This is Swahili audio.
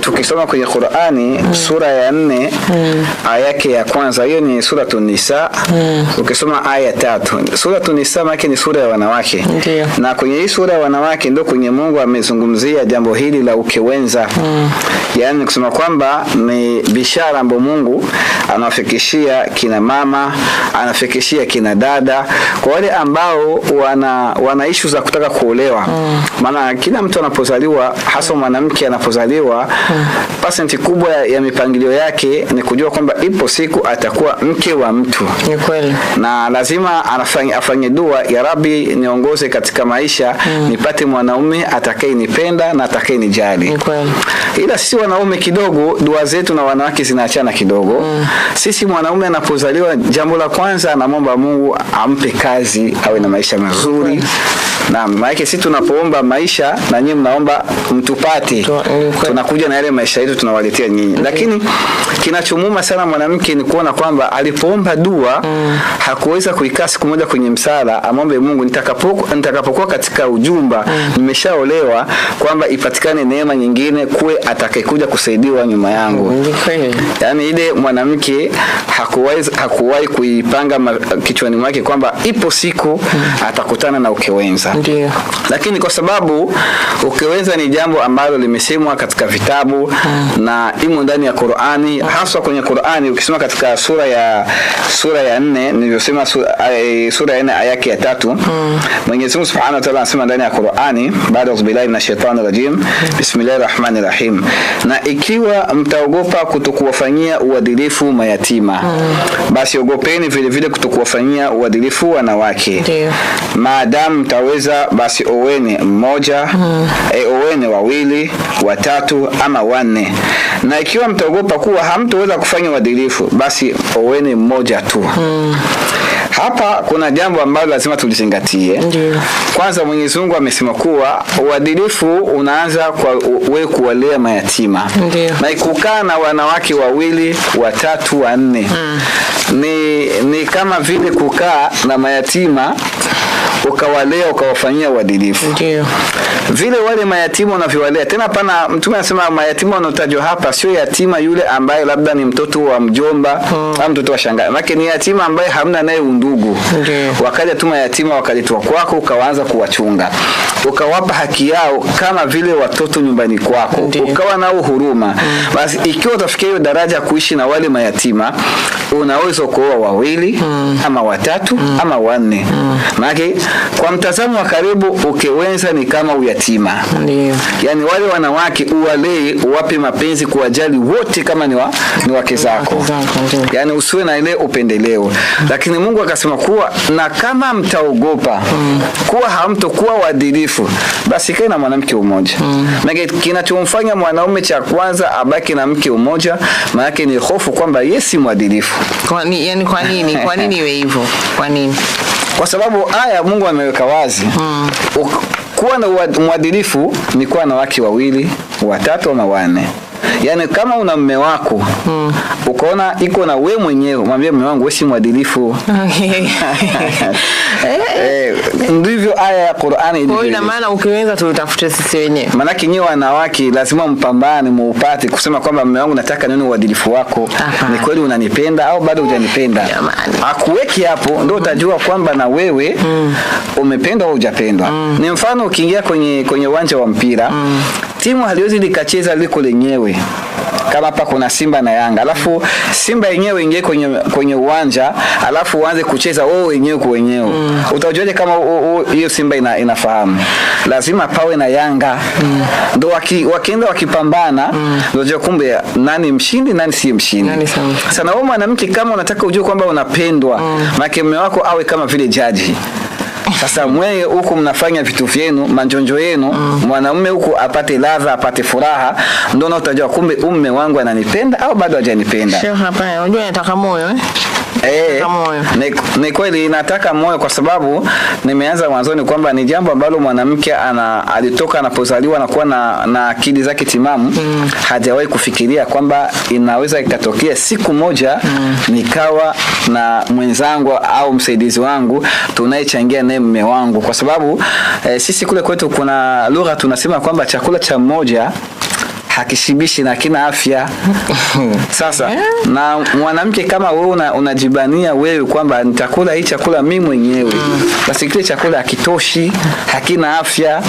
tukisoma kwenye Qur'ani mm. sura ya nne mm. aya yake ya kwanza, hiyo ni sura Tunisa mm. ukisoma aya tatu, sura Tunisa maana ni sura ya wanawake Ndiyo. na kwenye hii sura ya wanawake ndio kwenye Mungu amezungumzia jambo hili la ukewenza mm. yaani kusema kwamba ni bishara ambayo Mungu anawafikishia kina mama, anafikishia kina dada, kwa wale ambao wana, wana ishu za kutaka kuolewa maana mm. kila mtu anapozaliwa hasa mwanamke anapozaliwa pasenti kubwa ya, ya mipangilio yake ni kujua kwamba ipo siku atakuwa mke wa mtu. Ni kweli. Na lazima afanye, afanye dua ya Rabbi, niongoze katika maisha mm. nipate mwanaume atakayenipenda na atakayenijali. Ni kweli. Ila sisi wanaume kidogo dua zetu na wanawake zinaachana kidogo. Mm. Sisi mwanaume anapozaliwa, jambo la kwanza anamwomba Mungu ampe kazi, awe na maisha mazuri. Naam, maana sisi tunapoomba maisha na nyinyi mnaomba mtupate. Eh, Tunakuja na yale maisha yetu tunawaletea nyinyi. Mm. Lakini kinachomuma sana mwanamke ni kuona kwamba alipoomba dua mm. hakuweza kuikaa siku moja kwenye msala amwombe Mungu nitakapokuwa nitakapokuwa katika ujumba mm. nimeshaolewa kwamba ipatikane neema nyingine kuwe atakayekuja kusaidiwa nyuma yangu. Mm. Yaani ile mwanamke hakuweza hakuwahi kuipanga kichwani mwake kwamba ipo siku mm. atakutana na ukewenza. Ndiyo. Lakini kwa sababu ukiweza ni jambo ambalo limesemwa katika vitabu ha. Ah. na imo ndani ya Qur'ani hmm. haswa kwenye Qur'ani ukisoma katika sura ya sura ya 4 nilivyosema sura, eh, sura ya 4 aya ya tatu hmm. Mwenyezi Mungu Subhanahu wa Ta'ala anasema ndani ya Qur'ani baada ya billahi minash shaitani rajim hmm. bismillahir na ikiwa mtaogopa kutokuwafanyia uadilifu mayatima hmm. basi ogopeni vile vile kutokuwafanyia uadilifu wanawake ndio maadamu mtaweza kwanza basi oweni mmoja mm. e, eh, oweni wawili watatu ama wanne na ikiwa mtaogopa kuwa hamtoweza kufanya uadilifu basi oweni mmoja tu mm. Hapa kuna jambo ambalo lazima tulizingatie. Ndiyo. Kwanza Mwenyezi Mungu amesema kuwa uadilifu unaanza kwa wewe kuwalea mayatima. Ndiyo. Na ikukaa na wanawake wawili, watatu, wanne. Mm. Ni, ni kama vile kukaa na mayatima ukawalea ukawafanyia uadilifu. Ndio. Vile wale mayatima unavyowalea tena, pana mtume anasema mayatima wanaotajwa hapa sio yatima yule ambaye labda ni mtoto wa mjomba hmm. au mtoto wa shangazi, maana ni yatima ambaye hamna naye undugu. Ndio. Wakaja tu mayatima wakaletwa kwako, ukaanza kuwachunga, ukawapa haki yao kama vile watoto nyumbani kwako, ukawa nao huruma. Mm. Basi ikiwa utafikia hiyo daraja kuishi na wale mayatima unaweza kuoa wawili mm. ama watatu mm. ama wanne mm. maanake kwa mtazamo wa karibu ukiweza ni kama uyatima Ndiyo. yani wale wanawake uwalee uwape mapenzi kuwajali wote kama ni, wa, ni wake zako yani usiwe na ile upendeleo mm. lakini Mungu akasema kuwa na kama mtaogopa mm. kuwa hamtokuwa wadilifu basi kae na mwanamke mmoja mm. kinachomfanya mwanaume cha kwanza abaki na mke mmoja maanake ni hofu kwamba yeye si mwadilifu kwa ni, Yani kwa nini? Kwa nini iwe hivyo? Kwa nini? Kwa sababu aya Mungu ameweka wazi mm. Kuwa na mwadilifu ni kuwa na wake wawili, watatu ama wanne. Yaani kama una mme wako mm. ukaona iko na we mwenyewe, mwambie mme wangu wewe si mwadilifu. Okay. Eh, eh, aya ya Qur'ani ilivyo. Kwa ina maana ukiweza tutafute sisi wenyewe. Maana kinyewe wanawake lazima mpambane muupate kusema kwamba mume wangu nataka nione uadilifu wako. Ni kweli unanipenda au bado hujanipenda? Akuweki hapo ndio utajua kwamba na wewe mm. umependwa au hujapendwa. Mm. Ni mfano ukiingia kwenye kwenye uwanja wa mpira mm. timu haliwezi likacheza liko lenyewe kama hapa kuna Simba na Yanga, alafu Simba yenyewe ingie kwenye, kwenye uwanja alafu uanze kucheza wewe wenyewe kwa wenyewe mm. utajuaje kama hiyo Simba ina, inafahamu? Lazima pawe na Yanga mm. ndo waki, wakienda wakipambana mm. ndo kumbe nani mshindi nani si mshindi nani sana. Sana wewe mwanamke, kama unataka ujue kwamba unapendwa mm. make mume wako awe kama vile jaji sasa mweye huku mnafanya vitu vyenu manjonjo yenu mm. mwanaume huku apate ladha, apate furaha, ndio utajua kumbe umme wangu ananipenda au bado hajanipenda. Sio hapana, unajua nataka moyo eh. Eh, ni, ni kweli nataka moyo kwa sababu nimeanza mwanzoni kwamba ni jambo ambalo mwanamke ana alitoka anapozaliwa na kuwa na, na akili zake timamu mm. hajawahi kufikiria kwamba inaweza ikatokea siku moja mm. nikawa na mwenzangu au msaidizi wangu tunayechangia naye mme wangu, kwa sababu eh, sisi kule kwetu kuna lugha tunasema kwamba chakula cha mmoja hakishibishi na kina afya sasa yeah. na mwanamke kama wewe unajibania una wewe kwamba nitakula hii chakula mimi mwenyewe mm. basi kile chakula hakitoshi hakina afya